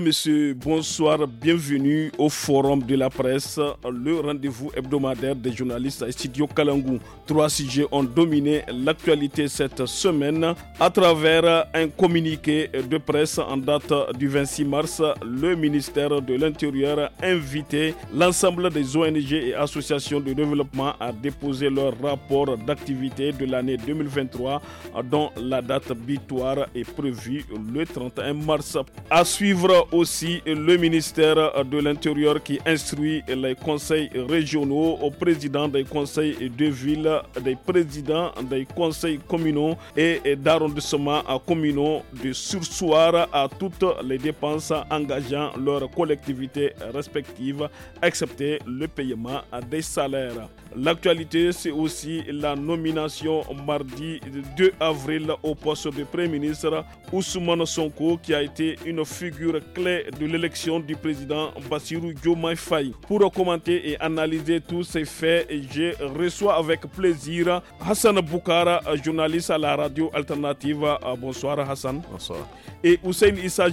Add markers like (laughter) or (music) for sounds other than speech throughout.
Monsieur, bonsoir, bienvenue au Forum de la presse, le rendez-vous hebdomadaire des journalistes à Studio Kalangou. Trois sujets ont dominé l'actualité cette semaine à travers un communiqué de presse en date du 26 mars. Le ministère de l'Intérieur a invité l'ensemble des ONG et associations de développement à déposer leur rapport d'activité de l'année 2023 dont la date victoire est prévue le 31 mars. À suivre aussi le ministère de l'Intérieur qui instruit les conseils régionaux aux présidents des conseils de ville, des présidents des conseils communaux et d'arrondissement communaux de sursoir à toutes les dépenses engageant leurs collectivités respectives, excepté le paiement des salaires. L'actualité, c'est aussi la nomination mardi 2 avril au poste de Premier ministre Ousmane Sonko qui a été une figure clé de l'élection du président Bassirou Diomaye Faye. Pour commenter et analyser tous ces faits, je reçois avec plaisir Hassan Boukara, journaliste à la radio alternative. Bonsoir Hassan. Bonsoir. Et Hussein Issa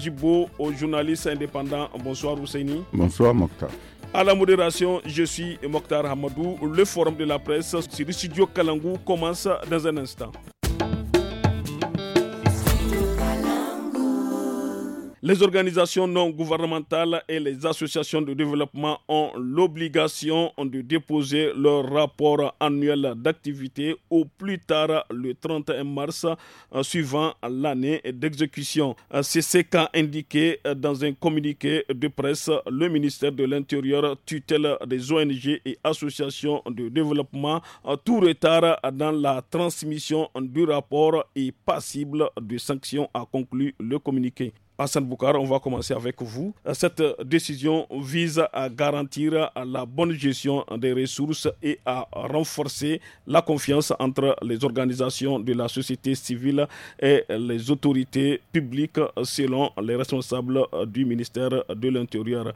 journaliste indépendant. Bonsoir Ousseini. Bonsoir Mokhtar. À la modération, je suis Mokhtar Hamadou. Le forum de la presse sur le studio Kalangou commence dans un instant. Les organisations non gouvernementales et les associations de développement ont l'obligation de déposer leur rapport annuel d'activité au plus tard le 31 mars euh, suivant l'année d'exécution. Euh, c'est ce qu'a indiqué euh, dans un communiqué de presse le ministère de l'Intérieur tutelle des ONG et associations de développement. Tout retard dans la transmission du rapport est passible de sanctions, a conclu le communiqué. Hassan Boukar, on va commencer avec vous. Euh, cette décision vise à garantir la bonne gestion des ressources et à renforcer la confiance entre les organisations de la société civile et les autorités publiques selon les responsables du ministère de l'Intérieur.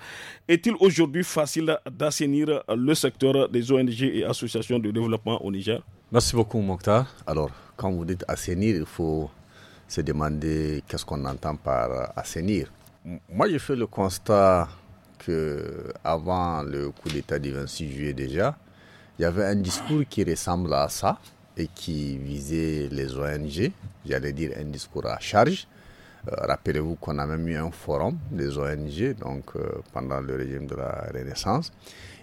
Est-il aujourd'hui facile d'assainir le secteur des ONG et associations de développement au Niger Merci beaucoup Mokhtar. Alors, quand vous dites assainir, il faut se demander qu'est-ce qu'on entend par assainir. Moi, j'ai fait le constat que avant le coup d'État du 26 juillet déjà, il y avait un discours qui ressemble à ça et qui visait les ONG, j'allais dire un discours à charge. Euh, rappelez-vous qu'on a même eu un forum des ONG donc, euh, pendant le régime de la Renaissance.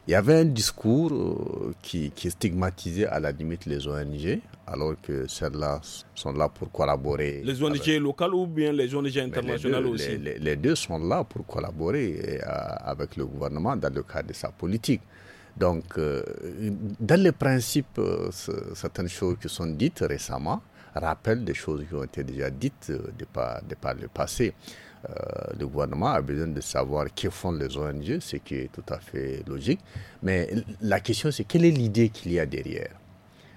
Il y avait un discours euh, qui, qui stigmatisait à la limite les ONG alors que celles-là sont là pour collaborer. Les ONG locales ou bien les ONG internationales aussi les, deux sont là pour collaborer euh, avec le gouvernement dans le cadre de sa politique. Donc, euh, dans les principes, euh, certaines choses qui sont dites récemment rappellent des choses qui ont été déjà dites de par, le passé. le gouvernement a besoin de savoir que font les ONG, ce qui est tout à fait logique. Mais la question, c'est quelle est l'idée qu'il y a derrière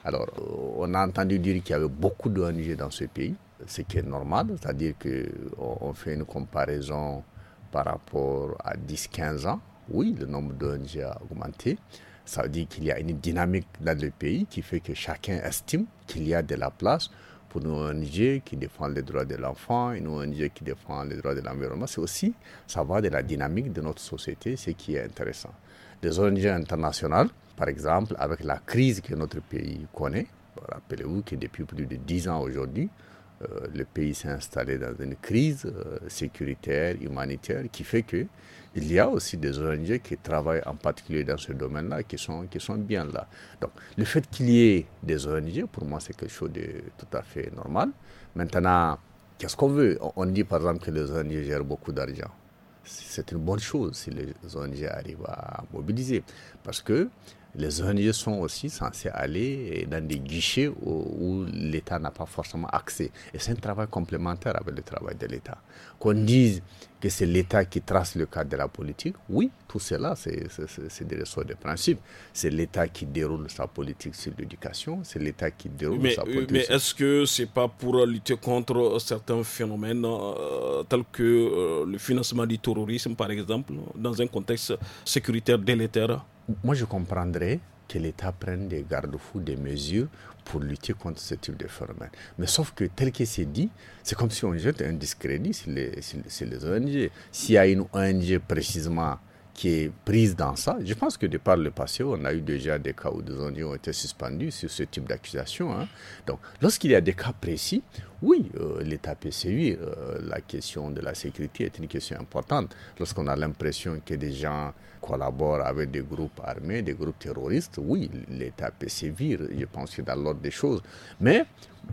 alors, euh, on a entendu dire qu'il y avait beaucoup d'ONG dans ce pays, ce qui est normal, c'est-à-dire qu'on fait une comparaison par rapport à 10-15 ans. Oui, le nombre d'ONG a augmenté. Ça veut dire qu'il y a une dynamique dans le pays qui fait que chacun estime qu'il y a de la place pour une ONG qui défend les droits de l'enfant, une ONG qui défend les droits de l'environnement. C'est aussi savoir de la dynamique de notre société, ce qui est intéressant. Des ONG internationales par exemple, avec la crise que notre pays connaît, rappelez-vous que depuis plus de dix ans aujourd'hui, euh, le pays s'est installé dans une crise euh, sécuritaire, humanitaire, qui fait que il y a aussi des ONG qui travaillent en particulier dans ce domaine-là, qui sont, qui sont bien là. Donc, le fait qu'il y ait des ONG, pour moi, c'est quelque chose de tout à fait normal. Maintenant, qu'est-ce qu'on veut On dit par exemple que les ONG gèrent beaucoup d'argent. C'est une bonne chose si les ONG arrivent à mobiliser, parce que les ONG sont aussi censés aller dans des guichets où, l'État n'a pas forcément accès. Et c'est un travail complémentaire avec le travail de l'État. Qu'on dise que c'est l'État qui trace le cadre de la politique, oui, tout cela, c'est des ressorts de principe. C'est l'État qui déroule sa politique sur l'éducation, c'est l'État qui déroule sa euh, politique. Mais est-ce que c'est pas pour lutter contre certains phénomènes euh, tels que euh, le financement du terrorisme, par exemple, dans un contexte sécuritaire délétère moi je comprendrais que l'État prenne des garde-fous, des mesures pour lutter contre ce type de phénomène. Mais sauf que tel que c'est dit, c'est comme si on jette un discrédit sur les, sur, les ONG. S'il y a une ONG précisément qui est prise dans ça, je pense que de par le passé, on a eu déjà des cas où des ONG ont été suspendues sur ce type d'accusation. Hein. Donc lorsqu'il y a des cas précis, oui, euh, l'État peut sévir. Euh, la question de la sécurité est une question importante. Lorsqu'on a l'impression que des gens collabore avec des groupes armés, des groupes terroristes, oui, l'État peut sévir, je pense que dans l'ordre des choses. Mais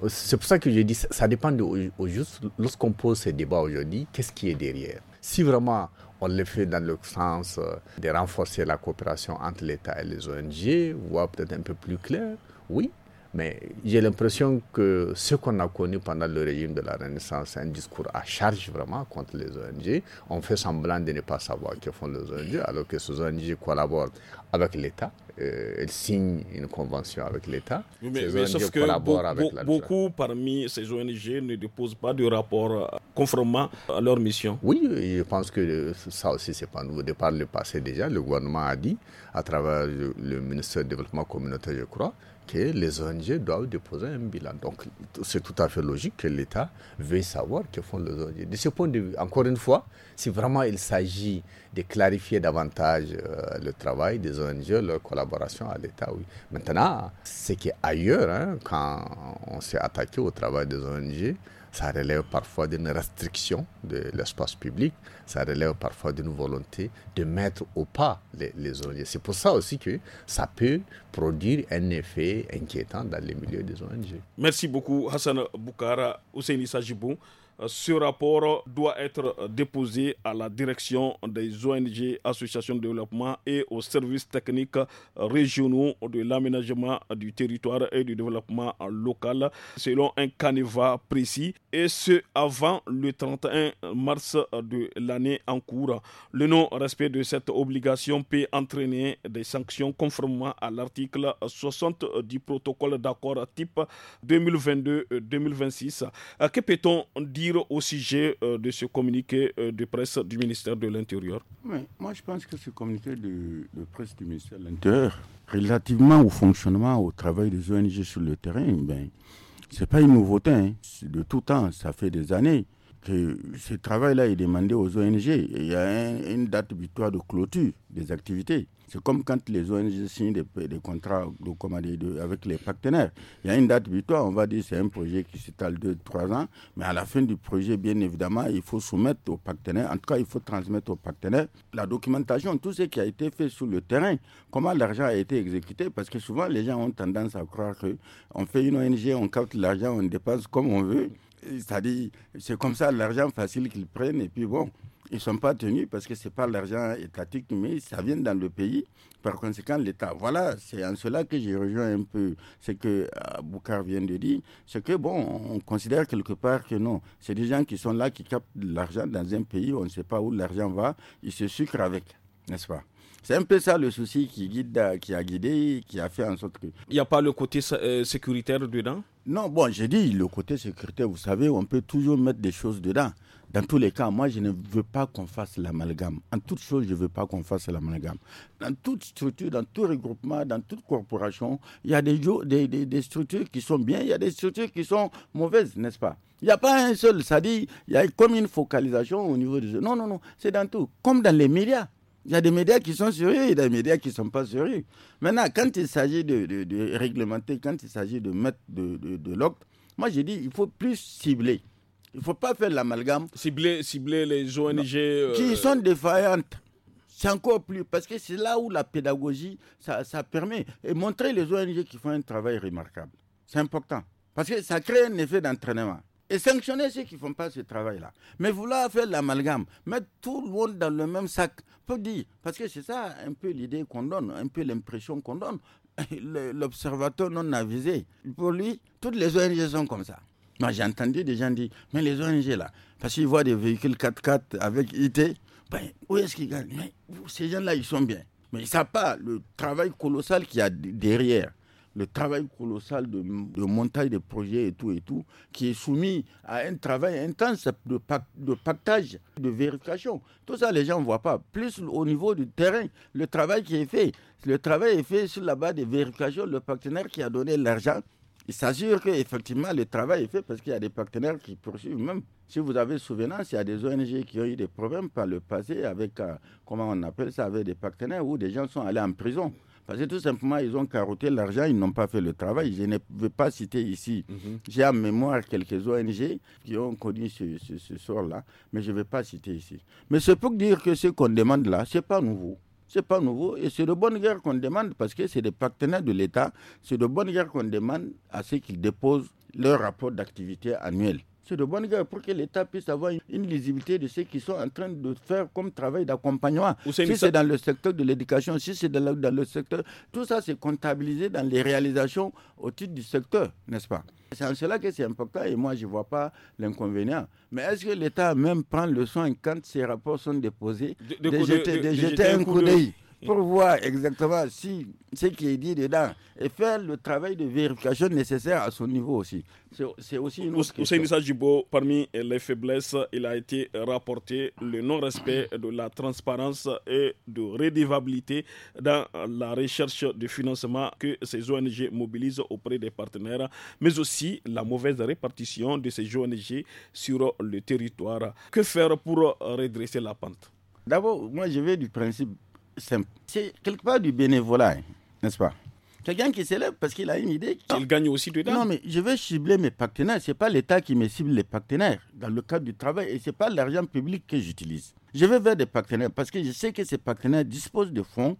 euh, c'est pour ça que je dis, ça dépend de, au, juste, lorsqu'on pose ces débats aujourd'hui, qu'est-ce qui est derrière Si vraiment on le fait dans le sens euh, de renforcer la coopération entre l'État et les ONG, voire peut-être un peu plus clair, oui, mais j'ai l'impression que ce qu'on a connu pendant le régime de la Renaissance, un discours à charge vraiment contre les ONG, on fait semblant de ne pas savoir que font les ONG, alors que ces ONG collaborent avec l'État, euh, elles signent une convention avec l'État. mais, sauf que beaucoup parmi ces ONG ne déposent pas de rapport euh, conformément à leur mission. Oui, je pense que ça aussi, c'est pas nouveau. De par le passé déjà, le gouvernement a dit, à travers le ministère du Développement communautaire, je crois, les ONG doivent déposer un bilan. Donc, c'est tout à fait logique que l'État veuille savoir ce que font les ONG. De ce point de vue, encore une fois, si vraiment il s'agit de clarifier davantage euh, le travail des ONG, leur collaboration à l'État, oui. Maintenant, c'est qu'ailleurs, ailleurs, hein, quand on s'est attaqué au travail des ONG, ça relève parfois d'une restriction de l'espace public, ça relève parfois d'une volonté de mettre au pas les, ONG. C'est pour ça aussi que ça peut produire un effet inquiétant dans les milieux des ONG. Merci beaucoup Hassan Boukara, Ousseini Sajibou. Euh, ce rapport doit être euh, déposé à la direction des ONG, associations de développement et aux services techniques euh, régionaux de l'aménagement du territoire et du développement local selon un canevas précis et ce avant le 31 mars de l'année en cours. Le non-respect de cette obligation peut entraîner des sanctions conformément à l'article 60 du protocole d'accord type 2022-2026. Que peut-on dire au sujet euh, de ce communiqué euh, de presse du ministère de l'Intérieur moi je pense que ce communiqué de, presse du ministère de l'Intérieur, relativement au fonctionnement, au travail des ONG sur le terrain, ben, ce pas une nouveauté. Hein. De tout temps, ça fait des années que ce travail-là est demandé aux ONG. Il y a une date butoir de clôture des activités. C'est comme quand les ONG signent des, contrats avec les partenaires. Il y a une date butoir, on va dire c'est un projet qui s'étale deux 3 ans, mais à la fin du projet, bien évidemment, il faut soumettre aux partenaires, en tout cas, il faut transmettre aux partenaires la documentation, tout ce qui a été fait sur le terrain, comment l'argent a été exécuté, parce que souvent les gens ont tendance à croire qu'on fait une ONG, on capte l'argent, on dépense comme on veut. C'est-à-dire, c'est comme ça l'argent facile qu'ils prennent et puis bon, ils ne sont pas tenus parce que ce n'est pas l'argent étatique, mais ça vient dans le pays, par conséquent l'État. Voilà, c'est en cela que j'ai rejoint un peu ce que euh, Boukar vient de dire, c'est que bon, on considère quelque part que non, c'est des gens qui sont là, qui captent l'argent dans un pays, on ne sait pas où l'argent va, ils se sucrent avec, n'est-ce pas c'est un peu ça le souci qui guide, qui a guidé, qui a fait en sorte que... Il n'y a pas le côté euh, sécuritaire dedans non, bon, j'ai dit, le côté sécurité, vous savez, on peut toujours mettre des choses dedans. Dans tous les cas, moi, je ne veux pas qu'on fasse l'amalgame. En toute chose, je ne veux pas qu'on fasse l'amalgame. Dans toute structure, dans tout regroupement, dans toute corporation, il y a des, des, des, structures qui sont bien, il y a des structures qui sont mauvaises, n'est-ce pas Il n'y a pas un seul, ça dit, il y a comme une focalisation au niveau des... Non, non, non, c'est dans tout. Comme dans les médias. Il y a des médias qui sont sérieux, il y a des médias qui ne sont pas sérieux. Maintenant, quand il s'agit de, réglementer, quand il s'agit de mettre de, de, l'ordre, moi j'ai dit, il faut plus cibler. Il ne faut pas faire l'amalgame. Cibler, cibler les ONG. Euh, qui sont défaillantes. C'est encore plus. Parce que c'est là où la pédagogie, ça, ça permet. Et montrer les ONG qui font un travail remarquable. C'est important. Parce que ça crée un effet d'entraînement et sanctionner ceux qui ne font pas ce travail-là. Mais vouloir faire l'amalgame, mettre tout le monde dans le même sac, peut dire, parce que c'est ça un peu l'idée qu'on donne, un peu l'impression qu'on donne. (laughs) L'observateur non avisé, pour lui, toutes les ONG sont comme ça. Moi, j'ai entendu des gens dire, mais les ONG là, parce qu'ils voient des véhicules 4x4 avec IT, ben, où est-ce qu'ils gagnent Mais ces gens-là, ils sont bien. Mais ils ne savent pas le travail colossal qu'il y a derrière le travail colossal de, de, montage des projets et tout et tout, qui est soumis à un travail intense de, pac, de pactage, de vérification. Tout ça, les gens ne voient pas. Plus au niveau du terrain, le travail qui est fait, le travail est fait sur la base des vérifications. Le partenaire qui a donné l'argent, il s'assure qu'effectivement le travail est fait parce qu'il y a des partenaires qui poursuivent même. Si vous avez souvenance, il y a des ONG qui ont eu des problèmes par le passé avec, euh, comment on appelle ça, avec des partenaires où des gens sont allés en prison. Parce que tout simplement, ils ont carotté l'argent, ils n'ont pas fait le travail. Je ne vais pas citer ici. Mhm. J'ai en mémoire quelques ONG qui ont connu ce, sort-là, mais je ne vais pas citer ici. Mais c'est pour dire que ce qu'on demande là, ce n'est pas nouveau. Ce n'est pas nouveau et c'est de bonne guerre qu'on demande parce que c'est des partenaires de l'État. C'est de bonne guerre qu'on demande à ceux qu'ils déposent leur rapport d'activité annuel de bonne guerre pour que l'État puisse avoir une lisibilité de ce qu'ils sont en train de faire comme travail d'accompagnement. Si c'est dans le secteur de l'éducation, si c'est dans, le secteur, tout ça c'est comptabilisé dans les réalisations au titre du secteur, n'est-ce pas c'est en cela que c'est important et moi je ne vois pas l'inconvénient. Mais est-ce que l'État même prend le soin quand ces rapports sont déposés de, jeter un coup d'œil pour voir exactement si ce qui est dit dedans et faire le travail de vérification nécessaire à son niveau aussi. C'est aussi une autre beau parmi les faiblesses, il a été rapporté le non-respect de la transparence et de redevabilité dans la recherche de financement que ces ONG mobilisent auprès des partenaires, mais aussi la mauvaise répartition de ces ONG sur le territoire. Que faire pour redresser la pente D'abord, moi je vais du principe c'est quelque part du bénévolat, hein, n'est-ce pas Quelqu'un qui s'élève parce qu'il a une idée. Il gagne aussi dedans. Non, mais je vais cibler mes partenaires. Ce n'est pas l'État qui me cible les partenaires dans le cadre du travail et ce n'est pas l'argent public que j'utilise. Je vais vers des partenaires parce que je sais que ces partenaires disposent de fonds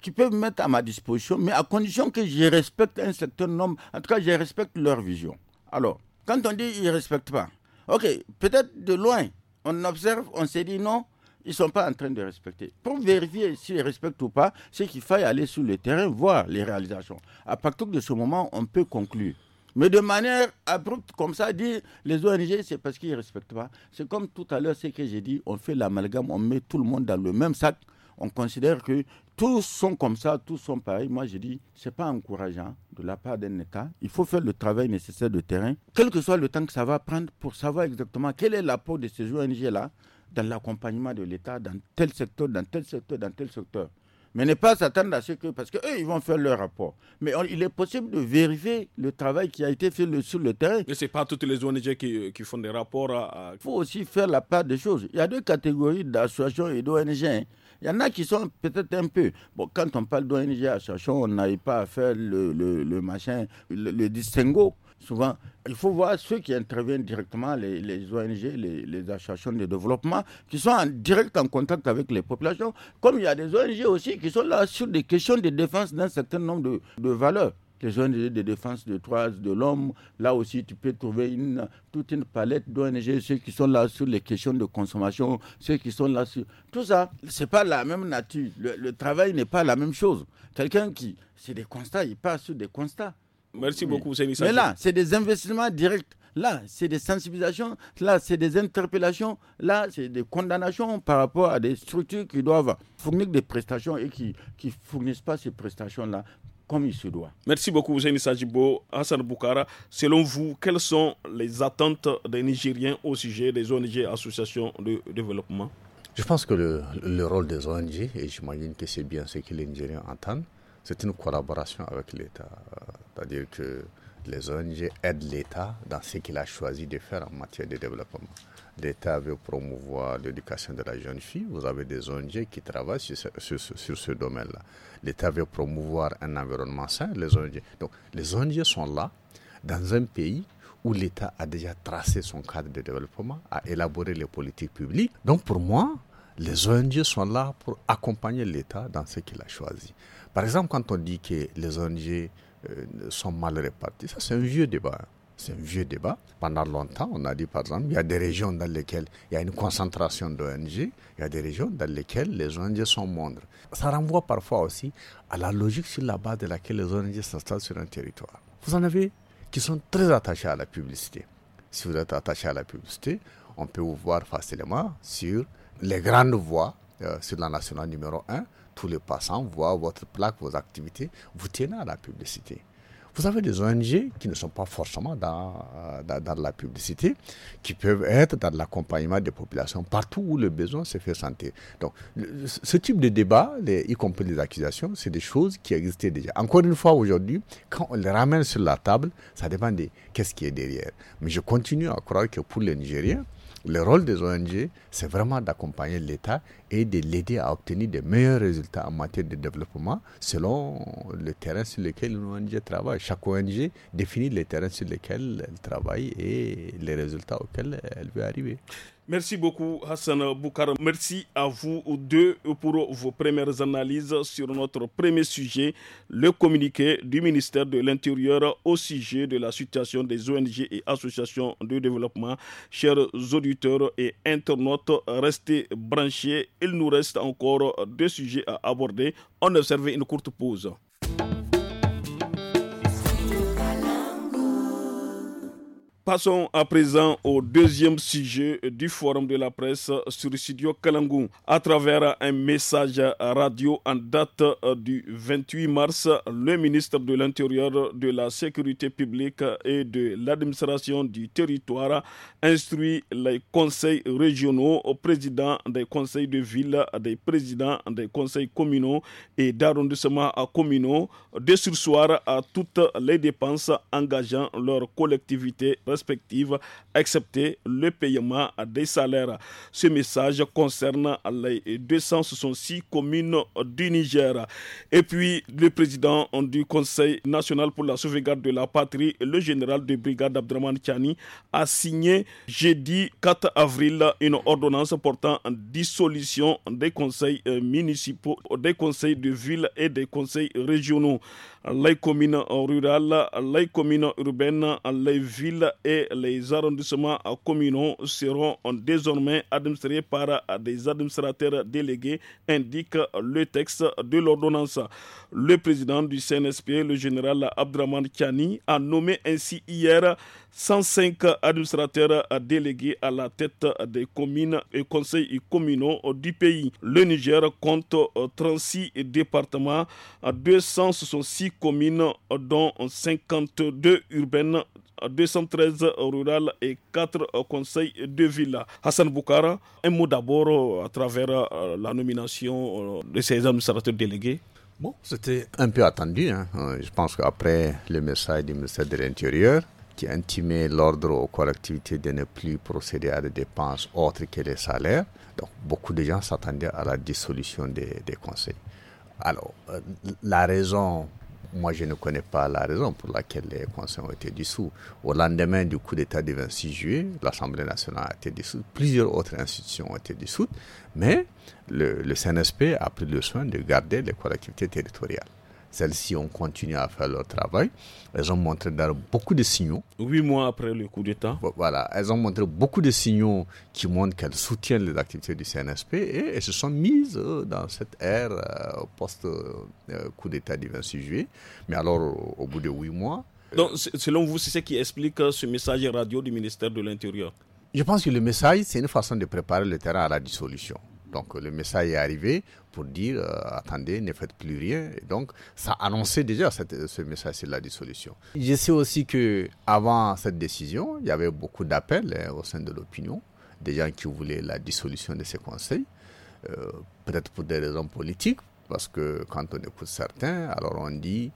qui peuvent mettre à ma disposition, mais à condition que je respecte un certain nombre. En tout cas, je respecte leur vision. Alors, quand on dit ils ne respectent pas, ok, peut-être de loin, on observe, on se dit non, ils ne sont pas en train de respecter. Pour vérifier s'ils respectent ou pas, c'est qu'il faille aller sur le terrain voir les réalisations. À partir de ce moment, on peut conclure. Mais de manière abrupte, comme ça, dire les ONG, c'est parce qu'ils ne respectent pas. C'est comme tout à l'heure, ce que j'ai dit, on fait l'amalgame, on met tout le monde dans le même sac. On considère que tous sont comme ça, tous sont pareils. Moi, je dis, ce n'est pas encourageant de la part d'un État. Il faut faire le travail nécessaire de terrain, quel que soit le temps que ça va prendre pour savoir exactement quelle est la peau de ces ONG-là, dans l'accompagnement de l'État dans tel secteur, dans tel secteur, dans tel secteur. Mais ne pas s'attendre à ce que, parce qu'eux, ils vont faire leur rapport. Mais il est possible de vérifier le travail qui a été fait le, sur le terrain. Mais ce n'est pas toutes les ONG qui, font des rapports. À... Il faut aussi faire la part des choses. Il y a deux catégories d'associations et d'ONG. Hein. Il y en a qui sont peut-être un peu. Bon, quand on parle d'ONG, association, on n'arrive pas à faire le, le machin, le distinguo souvent, il faut voir ceux qui interviennent directement, les, les ONG, les, les, associations de développement, qui sont en direct en contact avec les populations, comme il y a des ONG aussi qui sont là sur des questions de défense d'un certain nombre de, de valeurs les ONG de défense de droits de l'homme. Là aussi, tu peux trouver une, toute une palette d'ONG, ceux qui sont là sur les questions de consommation, ceux qui sont là sur... Tout ça, ce n'est pas la même nature. Le, travail n'est pas la même chose. Quelqu'un qui... C'est des constats, il passe sur des constats. Merci beaucoup, Mais là, c'est des investissements directs. Là, c'est des sensibilisations. Là, c'est des interpellations. Là, c'est des condamnations par rapport à des structures qui doivent fournir des prestations et qui ne fournissent pas ces prestations-là comme il se doit. Merci beaucoup, Zeni Sajibo. Hassan Boukara, selon vous, quelles sont les attentes des Nigériens au sujet des ONG associations de développement Je pense que le, le rôle des ONG, et j'imagine que c'est bien ce que les Nigériens attendent, c'est une collaboration avec l'État. Euh, c'est-à-dire que les ONG aident l'État dans ce qu'il a choisi de faire en matière de développement. L'État veut promouvoir l'éducation de la jeune fille. Vous avez des ONG qui travaillent sur ce, domaine-là. L'État veut promouvoir un environnement sain. Les ONG. Donc, les ONG sont là dans un pays où l'État a déjà tracé son cadre de développement, a élaboré les politiques publiques. Donc, pour moi, les ONG sont là pour accompagner l'État dans ce qu'il a choisi. Par exemple, quand on dit que les ONG euh, sont mal réparties, ça c'est un vieux débat. Hein. C'est un vieux débat. Pendant longtemps, on a dit par exemple, il y a des régions dans lesquelles il y a une concentration d'ONG, il y a des régions dans lesquelles les ONG sont moindres. Ça renvoie parfois aussi à la logique sur la base de laquelle les ONG s'installent sur un territoire. Vous en avez qui sont très attachés à la publicité. Si vous êtes attaché à la publicité, on peut vous voir facilement sur les grandes voies euh, sur la nationale numéro 1, tous les passants voient votre plaque, vos activités, vous tenez à la publicité. Vous avez des ONG qui ne sont pas forcément euh, dans, dans, la publicité, qui peuvent être dans l'accompagnement des populations partout où le besoin se fait sentir. Donc, ce type de débat, les, y compris les accusations, c'est des choses qui existaient déjà. Encore une fois, aujourd'hui, quand on les ramène sur la table, ça dépend de qu'est-ce qui est derrière. Mais je continue à croire que pour les Nigériens, le rôle des ONG, c'est vraiment d'accompagner l'État et de l'aider à obtenir de meilleurs résultats en matière de développement selon le terrain sur lequel une ONG travaille. Chaque ONG définit le terrain sur lequel elle travaille et les résultats auxquels elle veut arriver. Merci beaucoup Hassan Boukar. Merci à vous deux pour vos premières analyses sur notre premier sujet, le communiqué du ministère de l'Intérieur au sujet de la situation des ONG et associations de développement. Chers auditeurs et internautes, restez branchés. Il nous reste encore deux sujets à aborder. On observe une courte pause. passons à présent au deuxième sujet du forum de la presse sur le Studio Kalangou. À travers un message radio en date euh, du 28 mars, le ministre de l'Intérieur, de la Sécurité publique et de l'administration du territoire instruit les conseils régionaux, présidents des conseils de ville, des présidents des conseils communaux et d'arrondissement communaux de sursoir à toutes les dépenses engageant leur collectivité Respective accepter le paiement des salaires. Ce message concerne les 266 communes du Niger. Et puis, le président du Conseil national pour la sauvegarde de la patrie, le général de brigade Abdraman Tchani, a signé jeudi 4 avril une ordonnance portant en dissolution des conseils municipaux, des conseils de ville et des conseils régionaux. Les communes rurales, les communes urbaines, les villes et et les arrondissements communaux seront désormais administrés par des administrateurs délégués, indique le texte de l'ordonnance. Le président du CNSP, le général Abdraman Kiani, a nommé ainsi hier 105 administrateurs délégués à la tête des communes et conseils communaux du pays. Le Niger compte 36 départements, 266 communes, dont 52 urbaines, 213 rurales et 4 euh, conseils de ville. Hassan Boukara, un mot d'abord euh, à travers euh, la nomination de ces administrateurs délégués. Bon, c'était un peu attendu. Hein. Je pense qu'après le message du ministère de l'Intérieur, qui intimait l'ordre aux collectivités de ne plus procéder à des dépenses autres que les salaires, donc beaucoup de gens s'attendaient à la dissolution des conseils. Alors, la raison moi, je ne connais pas la raison pour laquelle les conseils ont été dissous. Au lendemain du coup d'État du 26 juillet, l'Assemblée nationale a été dissoute, plusieurs autres institutions ont été dissoutes, mais le, le CNSP a pris le soin de garder les collectivités territoriales. Celles-ci ont continué à faire leur travail. Elles ont montré beaucoup de signaux. Huit mois après le coup d'État. Voilà, elles ont montré beaucoup de signaux qui montrent qu'elles soutiennent les activités du CNSP et elles se sont mises euh, dans cette ère au euh, post-coup euh, d'État du 26 juillet. Mais alors, au bout de huit mois. Donc, selon vous, c'est ce qui explique ce message radio du ministère de l'Intérieur Je pense que le message, c'est une façon de préparer le terrain à la dissolution. Donc le message est arrivé pour dire euh, attendez, ne faites plus rien. Et donc ça annonçait déjà ce message c'est la dissolution. Je sais aussi que avant cette décision, il y avait beaucoup d'appels hein, au sein de l'opinion, des gens qui voulaient la dissolution de ces conseils, euh, peut-être pour des raisons politiques, parce que quand on écoute certains, alors on dit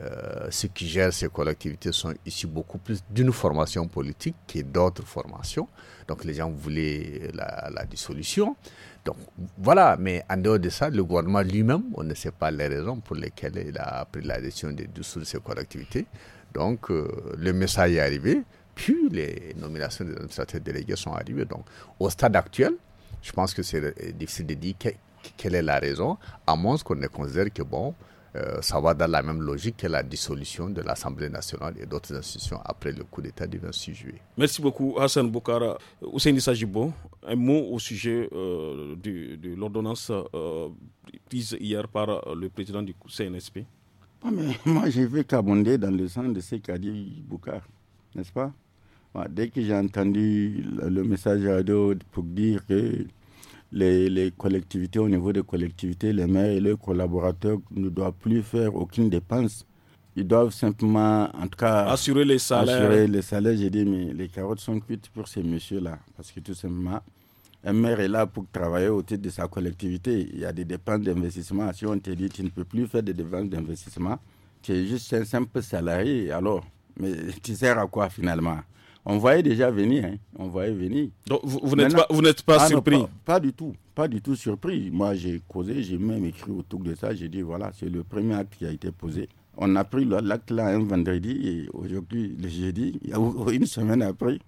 euh, ceux qui gèrent ces collectivités sont ici beaucoup plus d'une formation politique que d'autres formations. Donc les gens voulaient la, la dissolution. Donc voilà, mais en dehors de ça, le gouvernement lui-même, on ne sait pas les raisons pour lesquelles il a pris la décision de dissoudre ses collectivités. Donc euh, le message est arrivé, puis les nominations des administrateurs délégués sont arrivées. Donc au stade actuel, je pense que c'est euh, difficile de dire quelle est la raison, à moins qu'on ne considère que bon, euh, ça va dans la même logique que la dissolution de l'Assemblée nationale et d'autres institutions après le coup d'État du 26 juillet. Merci beaucoup Hassan Boukara. Hussein Sajibo, un mot au sujet euh, de, l'ordonnance euh, prise hier par le président du CNSP. (laughs) moi, je veux qu'abonder dans le sens de ce qu'a dit Boukara, n'est-ce pas Dès que j'ai entendu le message radio pour dire que les, collectivités, au niveau des collectivités, les maires et les collaborateurs ne doivent plus faire aucune dépense. Ils doivent simplement, en tout cas, assurer les salaires. Assurer les salaires. J'ai dit, mais les carottes sont cuites pour ces messieurs-là. Parce que tout simplement, un maire est là pour travailler au titre de sa collectivité. Il y a des dépenses d'investissement. Si on te dit, tu ne peux plus faire des dépenses d'investissement, tu es juste un simple salarié. Alors, mais (laughs) tu sers à quoi finalement on voyait déjà venir. Hein. On voyait venir. Donc vous, n'êtes pas, ah surpris pas, du tout. Pas du tout surpris. Moi, j'ai causé, j'ai même écrit autour de ça. J'ai dit, voilà, c'est le premier acte qui a été posé. On a pris l'acte là un vendredi et aujourd'hui, le jeudi, une semaine après,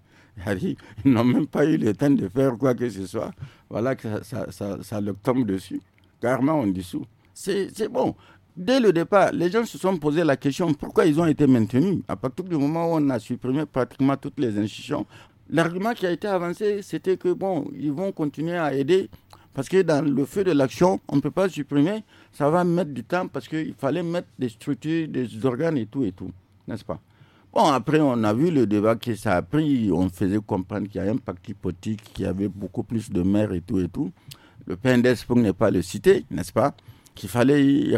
ils n'ont même pas eu le temps de faire quoi que ce soit. Voilà que ça, ça, le tombe dessus. Carrément, on dissout. C'est bon. Dès le départ, les gens se sont posé la question pourquoi ils ont été maintenus. À partir du moment où on a supprimé pratiquement toutes les institutions, l'argument qui a été avancé, c'était que bon, ils vont continuer à aider parce que dans le feu de l'action, on ne peut pas supprimer. Ça va mettre du temps parce qu'il fallait mettre des structures, des organes et tout et tout, n'est-ce pas Bon, après, on a vu le débat que ça a pris. On faisait comprendre qu'il y a un parti politique qui avait beaucoup plus de maires et tout et tout. Le PNDES, pour ne pas le citer, n'est-ce pas qu'il fallait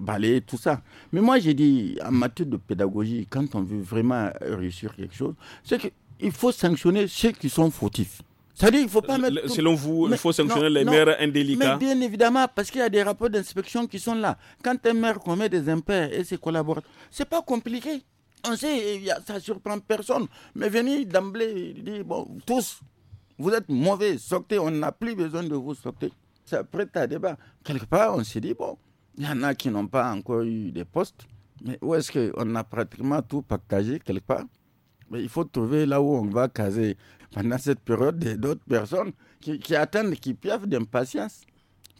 balayer tout ça. Mais moi, j'ai dit, en matière de pédagogie, quand on veut vraiment réussir quelque chose, c'est qu'il faut sanctionner ceux qui sont fautifs. C'est-à-dire il faut pas mettre. Selon vous, il faut sanctionner les maires indélicats Mais bien évidemment, parce qu'il y a des rapports d'inspection qui sont là. Quand un maire commet des impairs et ses collaborateurs, c'est pas compliqué. On sait, ça surprend personne. Mais venir d'emblée dire, bon, tous, vous êtes mauvais, sortez, on n'a plus besoin de vous sortez ça prête à débat. Quelque part, on s'est dit, bon, il y en a qui n'ont pas encore eu des postes, mais où est-ce qu'on a pratiquement tout partagé quelque part mais Il faut trouver là où on va caser pendant cette période d'autres personnes qui, qui, attendent, qui piaffent d'impatience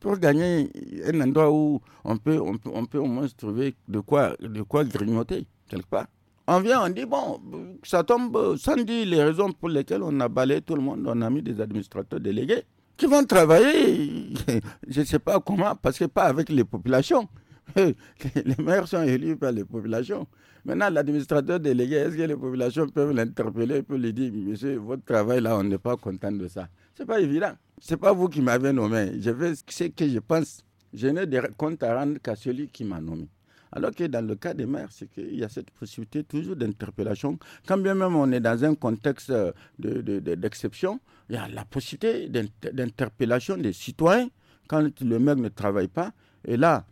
pour gagner un endroit où on peut, on peut, on peut au moins trouver de quoi, de quoi grignoter quelque part. On vient, on dit, bon, ça tombe sans dire les raisons pour lesquelles on a balayé tout le monde, on a mis des administrateurs délégués qui vont travailler, (laughs) je ne sais pas comment, parce que pas avec les populations. (laughs) Les maires sont élus par les populations. Maintenant, l'administrateur délégué, est-ce que les populations peuvent l'interpeller peuvent lui dire, monsieur, votre travail là, on n'est pas content de ça n'est pas évident. n'est pas vous qui m'avez nommé. Je fais ce que je pense. Je n'ai de compte à rendre qu'à celui qui m'a nommé. Alors que dans le cas des maires, c'est qu'il y a cette possibilité toujours d'interpellation. Quand bien même on est dans un contexte euh, d'exception, il y a la possibilité d'interpellation des citoyens quand le maire ne travaille pas. Et là,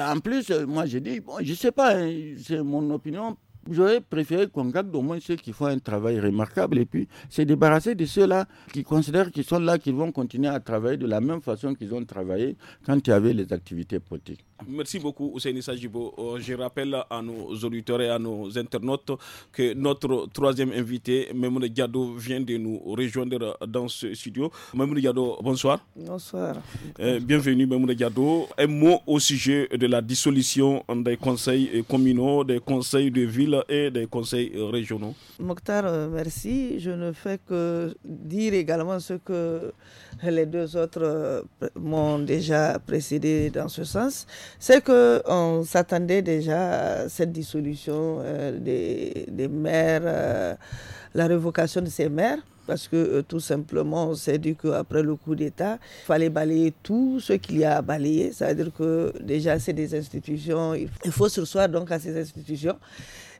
en plus, euh, moi j'ai dit, bon, je ne sais pas, hein, c'est mon opinion J'aurais préféré qu'on garde au moins ceux qui font un travail remarquable et puis se débarrasser de ceux-là qui considèrent qu'ils sont là, qu'ils vont continuer à travailler de la même façon qu'ils ont travaillé quand il y avait les activités politiques. Merci beaucoup, Ousseini Sajibo. Euh, je rappelle à nos auditeurs et à nos internautes que notre troisième invité, Memoun Diado, vient de nous rejoindre dans ce studio. Memoun Diado, bonsoir. Bonsoir. Euh, bienvenue, Memoun Diado. Un mot au sujet de la dissolution des conseils communaux, des conseils de ville et des conseils régionaux. Mokhtar, euh, merci. Je ne fais que dire également ce que les deux autres m'ont déjà précédé dans ce sens c'est qu'on s'attendait déjà à cette dissolution euh, des, maires, euh, la révocation de ces maires. Parce que euh, tout simplement, on s'est dit qu'après le coup d'État, il fallait balayer tout ce qu'il y a à balayer. C'est-à-dire que déjà, c'est des institutions. Il faut se soir donc à ces institutions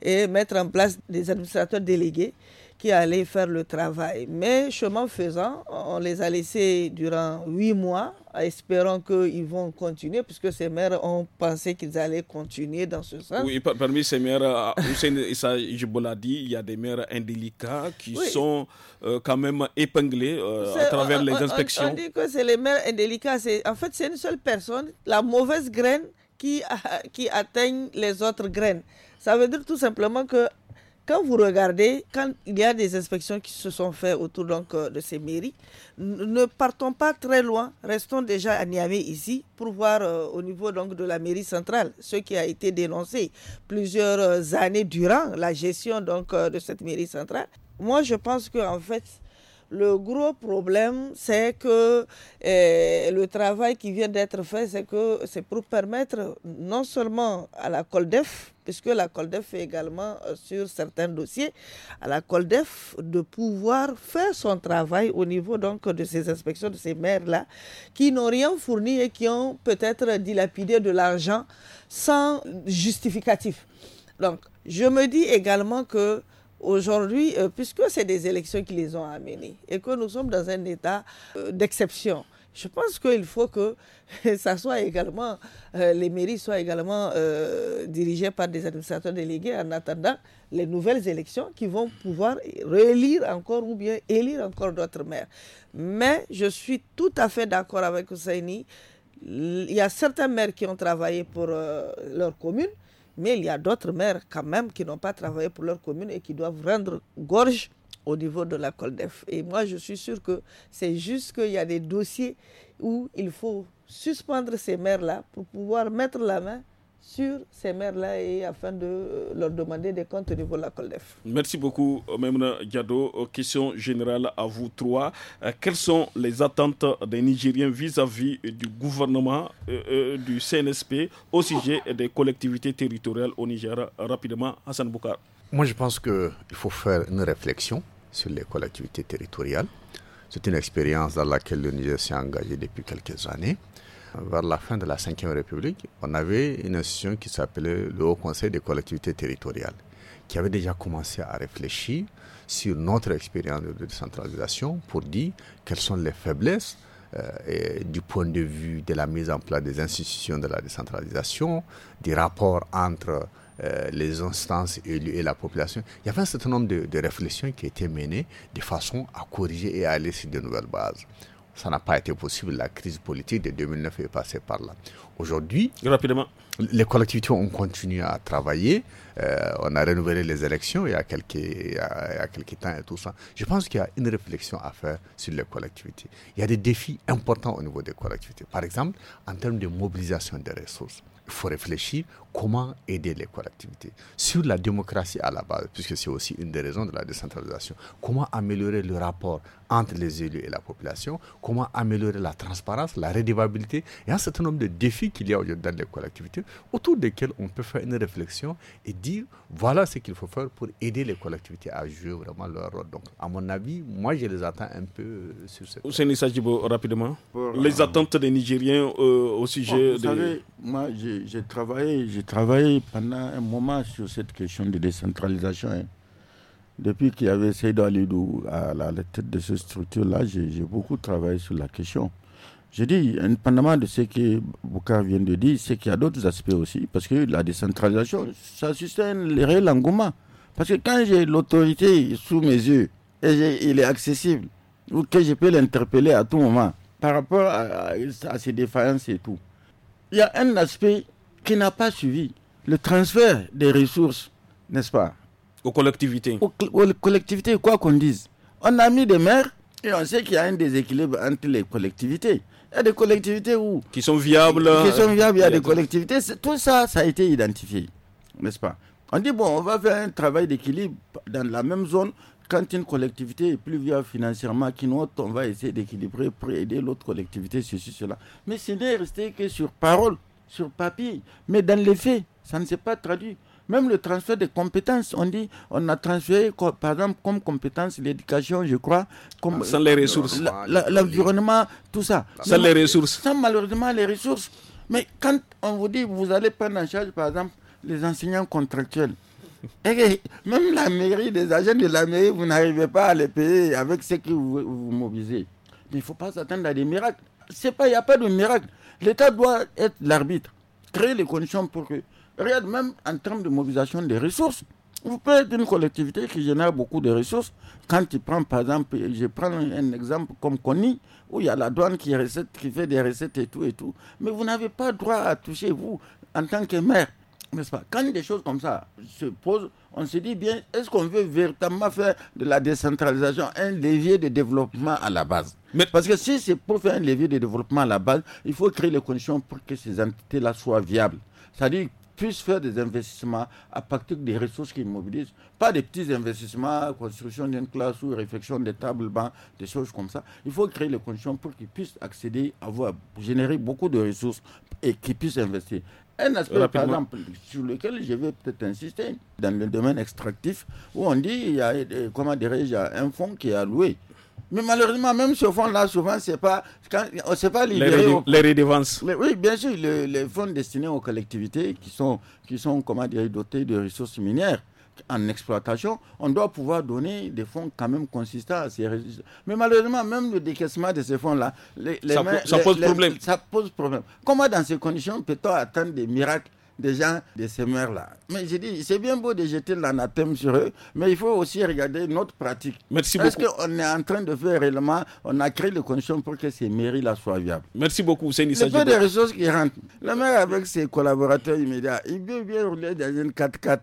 et mettre en place des administrateurs délégués qui allaient faire le travail. Mais chemin faisant, on les a laissés durant huit mois, espérant qu'ils vont continuer, puisque ces maires ont pensé qu'ils allaient continuer dans ce sens. Oui, parmi ces maires, ah, ah, Issa dit, il y a des maires indélicats qui sont euh, quand même épinglés euh, à travers les inspections. On, dit que c'est les maires indélicats. En fait, c'est une seule personne, la mauvaise graine qui, (laughs) qui les autres graines. Ça veut dire tout simplement que quand vous regardez, quand il y a des inspections qui se sont faites autour donc, euh, de ces mairies, ne partons pas très loin, restons déjà à Niamey ici pour voir euh, au niveau donc, de la mairie centrale ce qui a été dénoncé plusieurs euh, années durant la gestion donc, de cette mairie centrale. Moi, je pense qu'en en fait, le gros problème, c'est que eh, le travail qui vient d'être fait, c'est que c'est pour permettre non seulement à la Coldef, puisque la Coldef fait également euh, sur certains dossiers, à la Coldef de pouvoir faire son travail au niveau donc de ces inspections, de ces maires-là, qui n'ont rien fourni et qui ont peut-être dilapidé de l'argent sans justificatif. Donc, je me dis également que Aujourd'hui, euh, puisque c'est des élections qui les ont amenés et que nous sommes dans un état euh, d'exception, je pense qu'il faut que (laughs) ça soit également, euh, les mairies soient également dirigées par des administrateurs délégués en attendant les nouvelles élections qui vont pouvoir relire encore ou bien élire encore d'autres maires. Mais je suis tout à fait d'accord avec Ousseini. Il y a certains maires qui ont travaillé pour leur commune mais il y a d'autres maires quand même qui n'ont pas travaillé pour leur commune et qui doivent rendre gorge au niveau de la Coldef. Et moi, je suis sûr que c'est juste qu'il y a des dossiers où il faut suspendre ces maires-là pour pouvoir mettre la main sur ces maires-là et afin de euh, leur demander des comptes au niveau de la COLDEF. Merci beaucoup, euh, Mme Diado. Euh, question générale à vous trois. Quelles sont les attentes des Nigériens vis-à-vis du gouvernement du CNSP au sujet des collectivités territoriales au Niger Rapidement, Hassan Boukar. Moi, je pense qu'il faut faire une réflexion sur les collectivités territoriales. C'est une expérience dans laquelle le Niger s'est engagé depuis quelques années vers la fin de la Ve République, on avait une institution qui s'appelait le Haut Conseil des collectivités territoriales, qui avait déjà commencé à réfléchir sur notre expérience de décentralisation pour dire quelles sont les faiblesses euh, du point de vue de la mise en place des institutions de la décentralisation, des rapports entre euh, les instances élues et la population. Il y avait un certain nombre de, de réflexions qui étaient menées de façon à corriger et à aller sur de nouvelles bases. Ça n'a pas été possible. La crise politique de 2009 est passée par là. Aujourd'hui, rapidement, les collectivités ont continué à travailler. Euh, on a renouvelé les élections il y, a quelques, il il y a quelques temps et tout ça. Je pense qu'il y a une réflexion à faire sur les collectivités. Il y a des défis importants au niveau des collectivités. Par exemple, en termes de mobilisation des ressources, il faut réfléchir comment aider les collectivités Sur la démocratie à la base, puisque c'est aussi une des raisons de la décentralisation, comment améliorer le rapport entre les élus et la population Comment améliorer la transparence, la redevabilité Il y a un certain nombre de défis qu'il y a aujourd'hui dans les collectivités autour desquels on peut faire une réflexion et dire voilà ce qu'il faut faire pour aider les collectivités à jouer vraiment leur rôle. Donc, à mon avis, moi, je les attends un peu euh, sur cette. Sajibo, rapidement. les attentes des Nigériens euh, au sujet vous savez, moi, j'ai travaillé, j'ai travaillé pendant un moment sur cette question de décentralisation. Hein. Depuis qu'il y avait essayé Alidou à la, tête de cette structure-là, j'ai beaucoup travaillé sur la question. Je dis, indépendamment de ce que Bouka vient de dire, c'est qu'il y a d'autres aspects aussi, parce que la décentralisation, ça suscite le réel engouement. Parce que quand j'ai l'autorité sous mes yeux, et il est accessible, ou que je peux l'interpeller à tout moment, par rapport à, à ses défaillances et tout, il y a un aspect qui n'a pas suivi le transfert des ressources, n'est-ce pas Aux collectivités. Aux, collectivités, quoi qu'on dise. On a mis des maires et on sait qu'il y a un déséquilibre entre les collectivités. Il y a des collectivités où... Qui sont viables. Qui sont viables, il y a des collectivités. Tout ça, ça a été identifié, n'est-ce pas On dit, bon, on va faire un travail d'équilibre dans la même zone. Quand une collectivité est plus viable financièrement qu'une autre, on va essayer d'équilibrer pour aider l'autre collectivité, ceci, cela. Mais ce n'est resté que sur parole sur papier, mais dans les faits, ça ne s'est pas traduit. Même le transfert des compétences, on dit, on a transféré, par exemple, comme compétence l'éducation, je crois, comme ah, sans les ressources, ah, l'environnement, tout ça. Sans les ressources. Sans malheureusement les ressources. Mais quand on vous dit, vous allez prendre en charge, par exemple, les enseignants contractuels, (laughs) et même la mairie, les agents de la mairie, vous n'arrivez pas à les payer avec ce que vous, mobilisez. Mais il ne faut pas s'attendre à des miracles. Il n'y a pas de miracle. L'État doit être l'arbitre, créer les conditions pour que. Regarde, même en termes de mobilisation des ressources, vous pouvez être une collectivité qui génère beaucoup de ressources. Quand tu prends, par exemple, je prends un exemple comme Conny, où il y a la douane qui, recette, qui fait des recettes et tout et tout. Mais vous n'avez pas droit à toucher, vous, en tant que maire. Quand des choses comme ça se posent, on se dit bien, est-ce qu'on veut véritablement faire de la décentralisation un levier de développement à la base Parce que si c'est pour faire un levier de développement à la base, il faut créer les conditions pour que ces entités-là soient viables. C'est-à-dire puissent faire des investissements à partir des ressources qu'ils mobilisent, pas des petits investissements, construction d'une classe ou réflexion des tables bancs, des choses comme ça. Il faut créer les conditions pour qu'ils puissent accéder, avoir, générer beaucoup de ressources et qu'ils puissent investir. Un aspect, par exemple, sur lequel je vais peut-être insister, dans le domaine extractif, où on dit, il y a, euh, comment dirais-je, un fonds qui est alloué. Mais malheureusement, même ce fonds-là, souvent, c'est pas, pas libéré. Les, redevances. oui, bien sûr, les fonds destinés aux collectivités qui sont, qui sont comment dire, dotés de ressources minières en exploitation, on doit pouvoir donner des fonds quand même consistants à ces résultats. Mais malheureusement, même le décaissement de ces fonds-là, ça, pose problème. Ça pose problème. Comment dans ces conditions peut-on attendre des miracles des gens de ces mères-là. Mais j'ai dit, c'est bien beau de jeter l'anathème sur eux, mais il faut aussi regarder notre pratique. Merci beaucoup. est qu'on est en train de faire réellement, on a créé les conditions pour que ces mairies-là soient viables Merci beaucoup, Sénis Il de ressources qui rentrent. Le maire, avec ses collaborateurs immédiats, il veut bien rouler dans une 4x4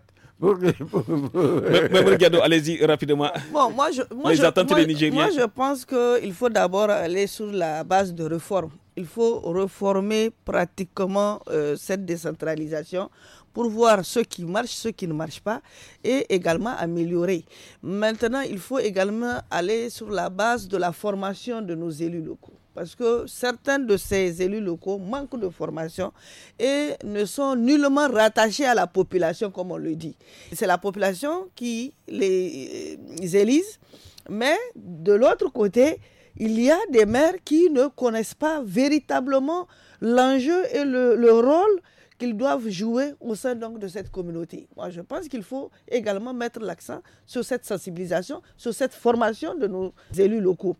allez-y rapidement. Bon, moi, je, moi, moi, pense qu'il faut d'abord aller sur la base de réforme. Il faut reformer pratiquement euh, cette décentralisation pour voir ce qui marche, ce qui ne marche pas, et également améliorer. Maintenant, il faut également aller sur la base de la formation de nos élus locaux. Parce que certains de ces élus locaux manquent de formation et ne sont nullement rattachés à la population, comme on le dit. C'est la population qui les euh, élise, mais de l'autre côté, il y a des maires qui ne connaissent pas véritablement l'enjeu et le, rôle qu'ils doivent jouer au sein donc de cette communauté. Moi, je pense qu'il faut également mettre l'accent sur cette sensibilisation, sur cette formation de nos élus locaux.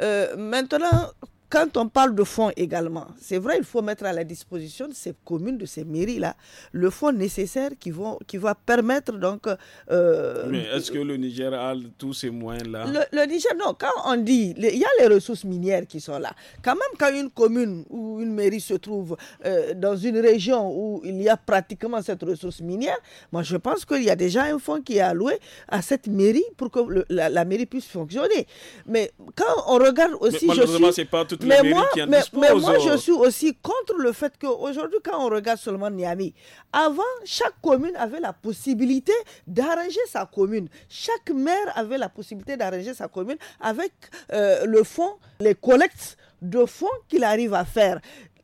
Euh, maintenant, quand on parle de fonds également, c'est vrai, il faut mettre à la disposition de ces communes, de ces mairies-là, le fonds nécessaire qui, vont, qui va permettre donc... Euh, Mais est-ce que le Niger a tous ces moyens-là le, Niger, non, quand on dit, il y a les ressources minières qui sont là. Quand même, quand une commune ou une mairie se trouve euh, dans une région où il y a pratiquement cette ressource minière, moi je pense qu'il y a déjà un fonds qui est alloué à cette mairie pour que la, mairie puisse fonctionner. Mais quand on regarde aussi... malheureusement, pas mais moi, mais, moi, je suis aussi contre le fait qu'aujourd'hui, quand on regarde seulement Niamey, avant, chaque commune avait la possibilité d'arranger sa commune. Chaque maire avait la possibilité d'arranger sa commune avec euh, le fonds, les collectes de fonds qu'il arrive à faire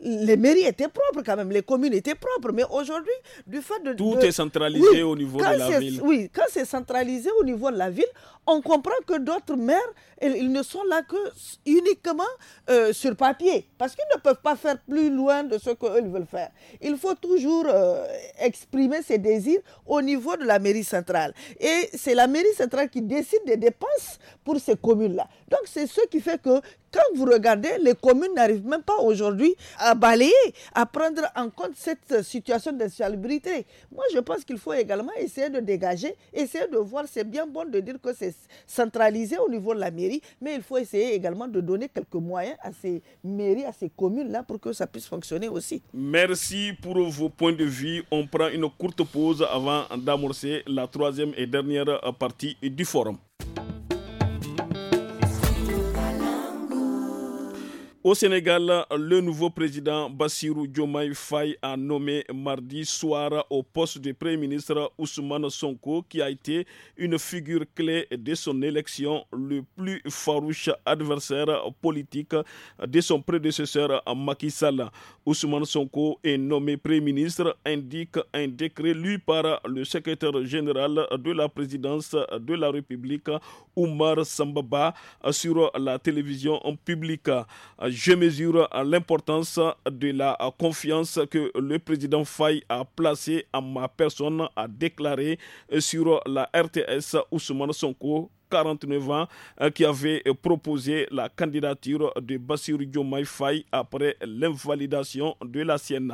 les mairies étaient propres quand même, les communes étaient propres, mais aujourd'hui, du fait de... Tout est centralisé au niveau de la ville. Oui, quand c'est centralisé au niveau de la ville, on comprend que d'autres maires, ils, ne sont là que uniquement euh, sur papier, parce qu'ils ne peuvent pas faire plus loin de ce qu'ils veulent faire. Il faut toujours euh, exprimer ses désirs au niveau de la mairie centrale. Et c'est la mairie centrale qui décide des dépenses pour ces communes-là. Donc c'est ce qui fait que quand vous regardez, les communes n'arrivent même pas aujourd'hui à balayer, à prendre en compte cette situation d'insalubrité. Moi, je pense qu'il faut également essayer de dégager, essayer de voir, c'est bien bon de dire que c'est centralisé au niveau de la mairie, mais il faut essayer également de donner quelques moyens à ces mairies, à ces communes-là pour que ça puisse fonctionner aussi. Merci pour vos points de vue. On prend une courte pause avant d'amorcer la troisième et dernière partie du forum. Au Sénégal, le nouveau président Bassirou Diomaye Faye a nommé mardi soir au poste de Premier ministre Ousmane Sonko, qui a été une figure clé de son élection, le plus farouche adversaire politique de son prédécesseur Macky Sall. Ousmane Sonko est nommé Premier ministre, indique un décret lu par le secrétaire général de la présidence de la République, Oumar Sambaba, sur la télévision publique je mesure l'importance de la confiance que le président Faye a placée en ma personne, a déclaré sur la RTS Ousmane Sonko 49 ans, euh, qui avait euh, proposé la candidature de Bassirou Diomaye Faye après l'invalidation de la sienne.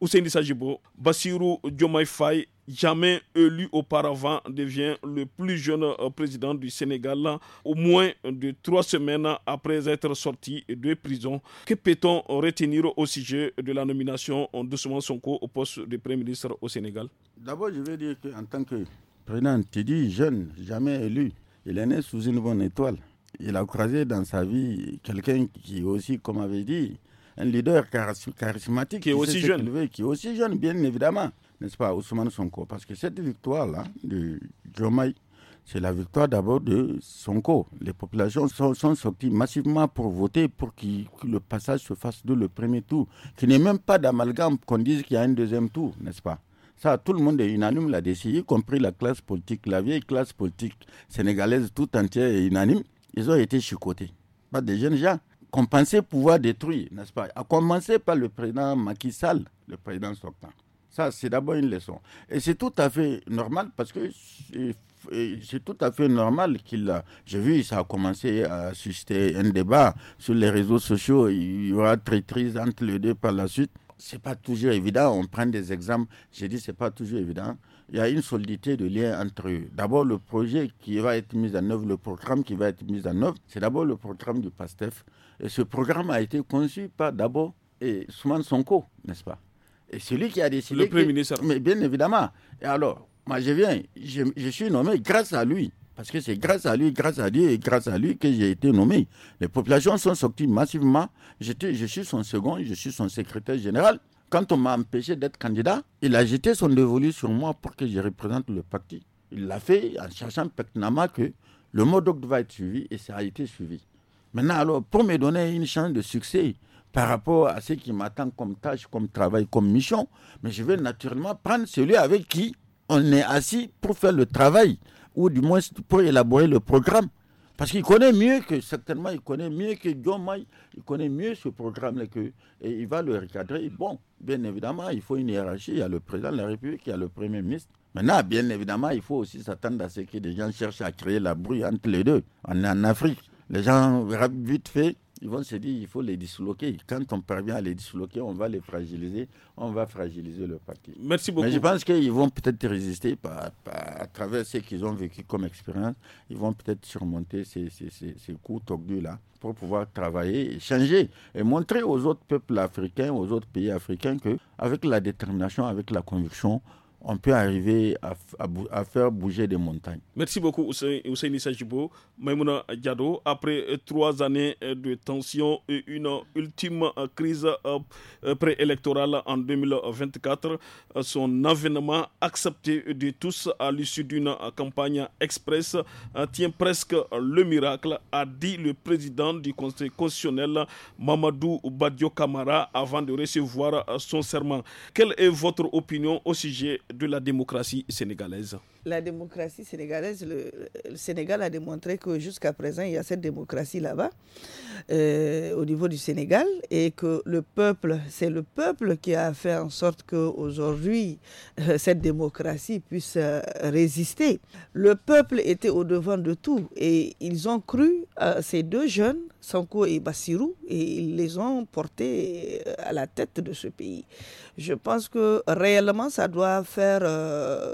Ousseini Sajibo, Bassirou Diomaye Faye, jamais élu auparavant, devient le plus jeune euh, président du Sénégal, au moins de trois semaines après être sorti de prison. Que peut-on retenir au sujet de la nomination son Sonko au poste de Premier ministre au Sénégal D'abord, je veux dire qu'en tant que président, tu dis jeune, jamais élu. Il est né sous une bonne étoile. Il a croisé dans sa vie quelqu'un qui est aussi, comme avait dit, un leader charismatique. Qui est aussi jeune. qui est aussi jeune, bien évidemment. N'est-ce pas, Ousmane Sonko Parce que cette victoire-là de Jomai, c'est la victoire d'abord de Sonko. Les populations sont, sorties massivement pour voter pour que le passage se fasse de le premier tour, qui n'est même pas d'amalgame qu'on dise qu'il y a un deuxième tour, n'est-ce pas ça, tout le monde est unanime la décidé, y compris la classe politique, la vieille classe politique sénégalaise tout entière est unanime. Ils ont été chicotés par des jeunes gens qu'on pensait pouvoir détruire, n'est-ce pas À commencer par le président Macky Sall, le président sortant. Ça, c'est d'abord une leçon. Et c'est tout à fait normal parce que c'est tout à fait normal qu'il J'ai vu, ça a commencé à susciter un débat sur les réseaux sociaux. Il y aura traîtrise entre les deux par la suite c'est pas toujours évident. On prend des exemples. J'ai dit, c'est pas toujours évident. Il y a une solidité de lien entre eux. D'abord, le projet qui va être mis en œuvre, le programme qui va être mis en œuvre, c'est d'abord le programme du PASTEF. Et ce programme a été conçu par d'abord Souman Sonko, n'est-ce pas Et celui qui a décidé. Le Premier ministre. Mais bien évidemment. Et alors, moi, je viens, je suis nommé grâce à lui. Parce que c'est grâce à lui, grâce à lui et grâce à lui que j'ai été nommé. Les populations sont sorties massivement. Je suis son second, je suis son secrétaire général. Quand on m'a empêché d'être candidat, il a jeté son dévolu sur moi pour que je représente le parti. Il l'a fait en cherchant pertinemment que le mot d'ordre va être suivi et ça a été suivi. Maintenant, alors, pour me donner une chance de succès par rapport à ce qui m'attend comme tâche, comme travail, comme mission, mais je vais naturellement prendre celui avec qui on est assis pour faire le travail ou du moins pour élaborer le programme. Parce qu'il connaît mieux que, certainement, il connaît mieux que John May, il connaît mieux ce programme-là que, et il va le recadrer. Bon, bien évidemment, il faut une hiérarchie. Il y a le président de la République, il y a le premier ministre. Maintenant, bien évidemment, il faut aussi s'attendre à ce que des gens cherchent à créer la bruit entre les deux. On est en Afrique. Les gens verront vite fait ils vont se dire il faut les disloquer. Quand on parvient à les disloquer, on va les fragiliser, on va fragiliser le parti. Merci beaucoup. Mais je pense qu'ils vont peut-être résister à travers ce qu'ils ont vécu comme expérience. Ils vont peut-être surmonter ces, ces, ces, coups tordus-là pour pouvoir travailler et changer et montrer aux autres peuples africains, aux autres pays africains que avec la détermination, avec la conviction, on peut arriver à, faire bouger des montagnes. Merci beaucoup, Hussein Sajibo. Maimouna Diado, après euh, trois années euh, de tension et une ultime euh, crise préélectorale en 2024, son avènement accepté de tous à l'issue d'une campagne express tient presque le miracle, a dit le président du Conseil constitutionnel, Mamadou Badio Kamara, avant de recevoir son serment. Quelle est votre opinion au sujet de la démocratie sénégalaise la démocratie sénégalaise, le, Sénégal a démontré que jusqu'à présent, il y a cette démocratie là-bas, euh, au niveau du Sénégal, et que le peuple, c'est le peuple qui a fait en sorte qu'aujourd'hui, aujourd'hui euh, cette démocratie puisse euh, résister. Le peuple était au devant de tout, et ils ont cru à ces deux jeunes, Sanko et Bassirou, et ils les ont portés à la tête de ce pays. Je pense que réellement, ça doit faire,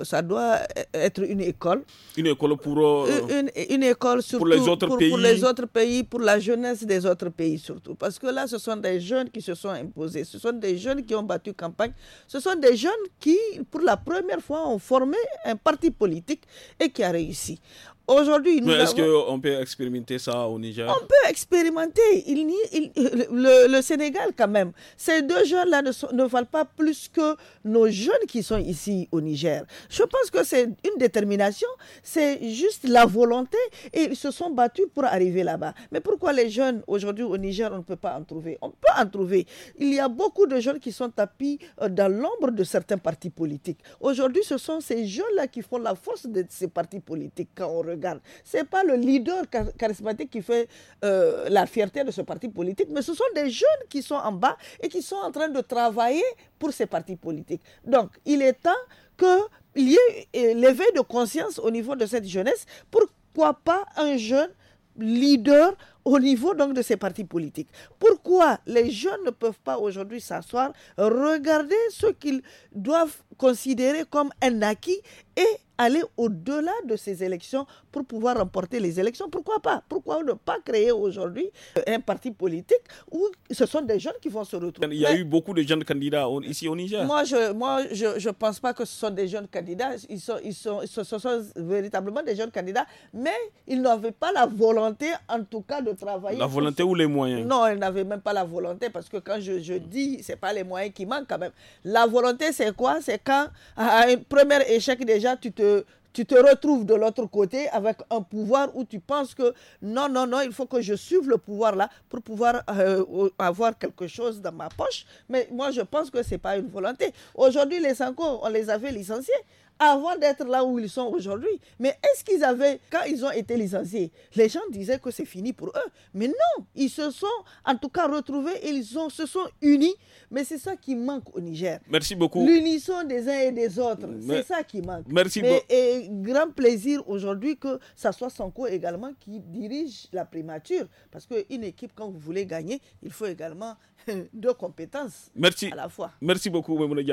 ça doit être une école. Une école pour... Euh, euh, une, école pour les, autres pays. pour les autres pays, pour la jeunesse des autres pays surtout. Parce que là, ce sont des jeunes qui se sont imposés, ce sont des jeunes qui ont battu campagne, ce sont des jeunes qui, pour la première fois, ont formé un parti politique et qui a réussi. Aujourd'hui, nous est-ce qu'on peut expérimenter ça au Niger On peut expérimenter. Il, le, Sénégal, quand même. Ces deux jeunes-là ne, ne valent pas plus que nos jeunes qui sont ici au Niger. Je pense que c'est une détermination, c'est juste la volonté et ils se sont battus pour arriver là-bas. Mais pourquoi les jeunes aujourd'hui au Niger, on ne peut pas en trouver On peut en trouver. Il y a beaucoup de jeunes qui sont tapis euh, dans l'ombre de certains partis politiques. Aujourd'hui, ce sont ces jeunes-là qui font la force de ces partis politiques quand on regarde. Ce n'est pas le leader charismatique qui fait euh, la fierté de ce parti politique, mais ce sont des jeunes qui sont en bas et qui sont en train de travailler pour ces partis politiques. Donc, il est temps qu'il y ait euh, l'éveil de conscience au niveau de cette jeunesse. Pourquoi pas un jeune leader au niveau donc de ces partis politiques. Pourquoi les jeunes ne peuvent pas aujourd'hui s'asseoir, regarder ce qu'ils doivent considérer comme un acquis et aller au-delà de ces élections pour pouvoir remporter les élections. Pourquoi pas Pourquoi ne pas créer aujourd'hui euh, un parti politique où ce sont des jeunes qui vont se retrouver Il y a eu beaucoup de jeunes candidats ici au Niger. Moi, je ne moi, je, pense pas que ce sont des jeunes candidats. Ils sont, ils sont, ce, sont véritablement des jeunes candidats. Mais ils n'avaient pas la volonté, en tout cas, de travailler. La volonté ou les moyens Non, ils n'avaient même pas la volonté parce que quand je, je dis, ce n'est pas les moyens qui manquent quand même. La volonté, c'est quoi C'est quand, à un premier échec déjà, tu te tu te retrouves de l'autre côté avec un pouvoir où tu penses que non, non, non, il faut que je suive le pouvoir là pour pouvoir euh, avoir quelque chose dans ma poche. Mais moi, je pense que ce n'est pas une volonté. Aujourd'hui, les ans on les avait licenciés avant d'être là où ils sont aujourd'hui. Mais est-ce qu'ils avaient, quand ils ont été licenciés, les gens disaient que c'est fini pour eux. Mais non, ils se sont en tout cas retrouvés, et ils ont, se sont unis. Mais c'est ça qui manque au Niger. Merci beaucoup. L'unisson des uns et des autres, c'est ça qui manque. Merci beaucoup. Et grand plaisir aujourd'hui que ça soit Sanko également qui dirige la primature. Parce qu'une équipe, quand vous voulez gagner, il faut également (laughs) deux compétences à la fois. Merci beaucoup, Mme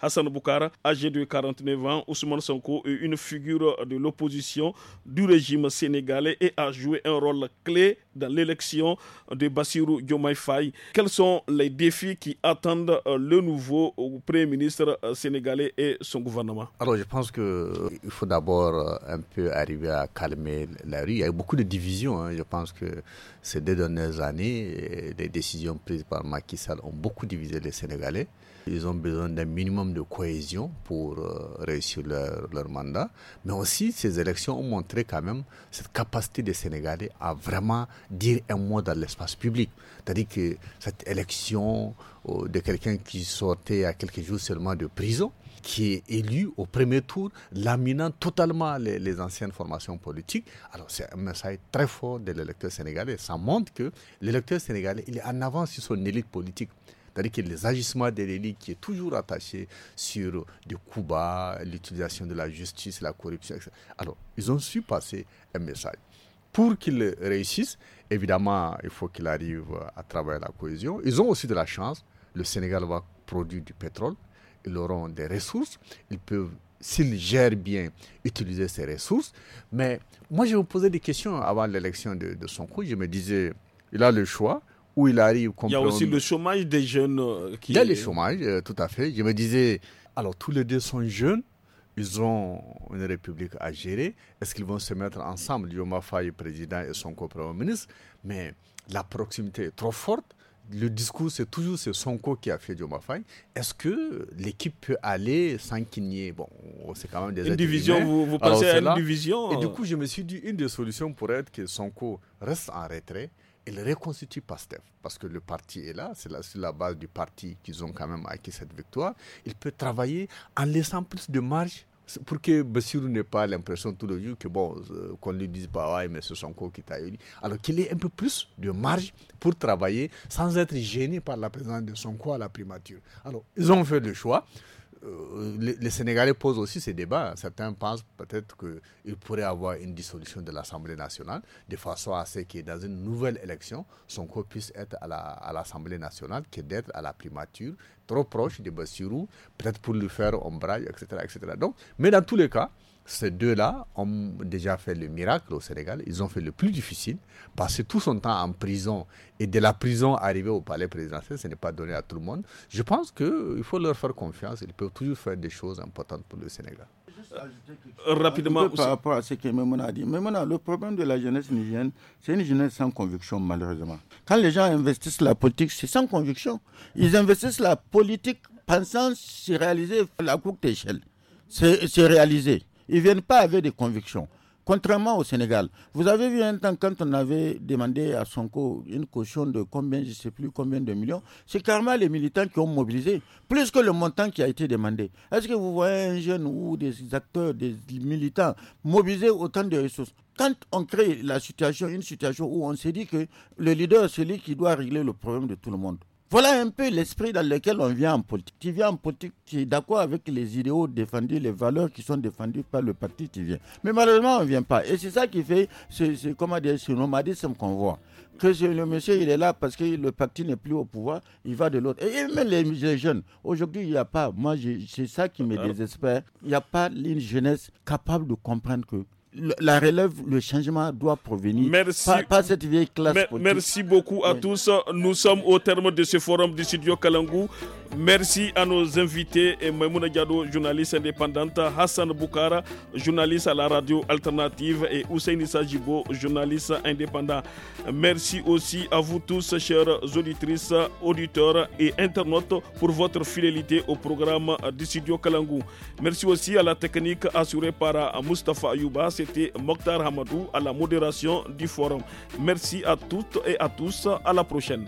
Hassan Boukara, âgé de 49 ans, Ousmane Sanko, est une figure de l'opposition du régime sénégalais et a joué un rôle clé dans l'élection de Bassirou Diomaye Faye. Quels sont les défis qui attendent euh, le nouveau euh, Premier ministre euh, sénégalais et son gouvernement Alors je pense qu'il faut d'abord un peu arriver à calmer la rue. Il y a eu beaucoup de divisions. Hein. Je pense que ces deux dernières années, les décisions prises par Macky Sall ont beaucoup divisé les Sénégalais. Ils ont besoin d'un minimum de cohésion pour euh, réussir leur, mandat. Mais aussi, ces élections ont montré quand même cette capacité des Sénégalais à vraiment dire un mot dans l'espace public. C'est-à-dire que cette élection euh, de quelqu'un qui sortait à quelques jours seulement de prison, qui est élu au premier tour, laminant totalement les, anciennes formations politiques. Alors c'est un message très fort de l'électeur sénégalais. Ça montre que l'électeur sénégalais, il est en avance sur son élite politique. C'est-à-dire que les agissements des l'élite qui est toujours attaché sur du coup bas, l'utilisation de la justice, la corruption, etc. Alors, ils ont su passer un message. Pour qu'ils réussissent, évidemment, il faut qu'ils arrivent à travailler la cohésion. Ils ont aussi de la chance. Le Sénégal va produire du pétrole. Ils auront des ressources. Ils peuvent s'ils gèrent bien, utiliser ces ressources. Mais moi, je me posais des questions avant l'élection de, de Sonko. Je me disais, il a le choix il arrive Il y a aussi le chômage des jeunes. Euh, qui... Il y a le chômage, euh, tout à fait. Je me disais, alors tous les deux sont jeunes, ils ont une république à gérer. Est-ce qu'ils vont se mettre ensemble Yoma Faye, président, et son premier ministre Mais la proximité est trop forte. Le discours, c'est toujours c'est Sonko qui a fait Dioma Est-ce que l'équipe peut aller sans qu'il n'y ait. Bon, oh, c'est quand même des. Une division, vous, vous pensez Alors, à une division Et du euh? coup, je me suis dit, une des solutions pourrait être que Sonko reste en retrait, il reconstitue PASTEF, parce que le parti est là, c'est sur la base du parti qu'ils ont quand même acquis cette victoire. Il peut travailler en laissant plus de marge pour que Bassirou n'ait pas l'impression tout le jour que bon, euh, qu'on lui dise bah ouais, mais ce son qui t'a eu. Alors qu'il ait un peu plus de marge pour travailler sans être gêné par la présence de son quoi à la primature. Alors, ils ont fait le choix. Euh, les, Sénégalais posent aussi ces débats. Certains pensent peut-être qu'il pourrait avoir une dissolution de l'Assemblée nationale, de façon à ce que dans une nouvelle élection, son corps puisse être à l'Assemblée nationale, nationale, est d'être à la primature, trop proche de Bassirou, peut-être pour lui faire ombrage, etc., etc. Donc, mais dans tous les cas, ces deux-là ont déjà fait le miracle au Sénégal. Ils ont fait le plus difficile, passer tout son temps en prison et de la prison arriver au palais présidentiel, ce n'est pas donné à tout le monde. Je pense qu'il faut leur faire confiance. Ils peuvent toujours faire des choses importantes pour le Sénégal. Euh, rapidement, par rapport à ce que Memona a dit. Memona, le problème de la jeunesse nigérienne, c'est une jeunesse sans conviction, malheureusement. Quand les gens investissent la politique, c'est sans conviction. Ils investissent la politique pensant se réaliser à la courte échelle. C'est réalisé. Ils ne viennent pas avec des convictions. Contrairement au Sénégal, vous avez vu un temps quand on avait demandé à Sonko une caution de combien, je ne sais plus combien de millions, c'est carrément les militants qui ont mobilisé, plus que le montant qui a été demandé. Est-ce que vous voyez un jeune ou des acteurs, des militants mobiliser autant de ressources Quand on crée la situation, une situation où on se dit que le leader, c'est lui qui doit régler le problème de tout le monde, voilà un peu l'esprit dans lequel on vient en politique. Tu viens en politique, tu es d'accord avec les idéaux défendus, les valeurs qui sont défendues par le parti, tu viens. Mais malheureusement, on ne vient pas. Et c'est ça qui fait ce, comment dire, ce nomadisme qu'on voit. Que le monsieur, il est là parce que le parti n'est plus au pouvoir, il va de l'autre. Et même les jeunes, aujourd'hui, il n'y a pas, moi, c'est ça qui me désespère, il n'y a pas une jeunesse capable de comprendre que la relève, le changement doit provenir. Merci. Pas, cette vieille classe. Merci beaucoup à tous. Nous sommes au terme de ce forum du studio Kalangou. Merci à nos invités et Maimouna Diado, journaliste indépendante, Hassan Boukara, journaliste à la radio alternative et Hussein Issa journaliste indépendant. Merci aussi à vous tous, chers auditrices, auditeurs et internautes, pour votre fidélité au programme du studio Kalangou. Merci aussi à la technique assurée par Mustapha Ayouba. Mokhtar Hamadou à la modération du forum. Merci à toutes et à tous. À la prochaine.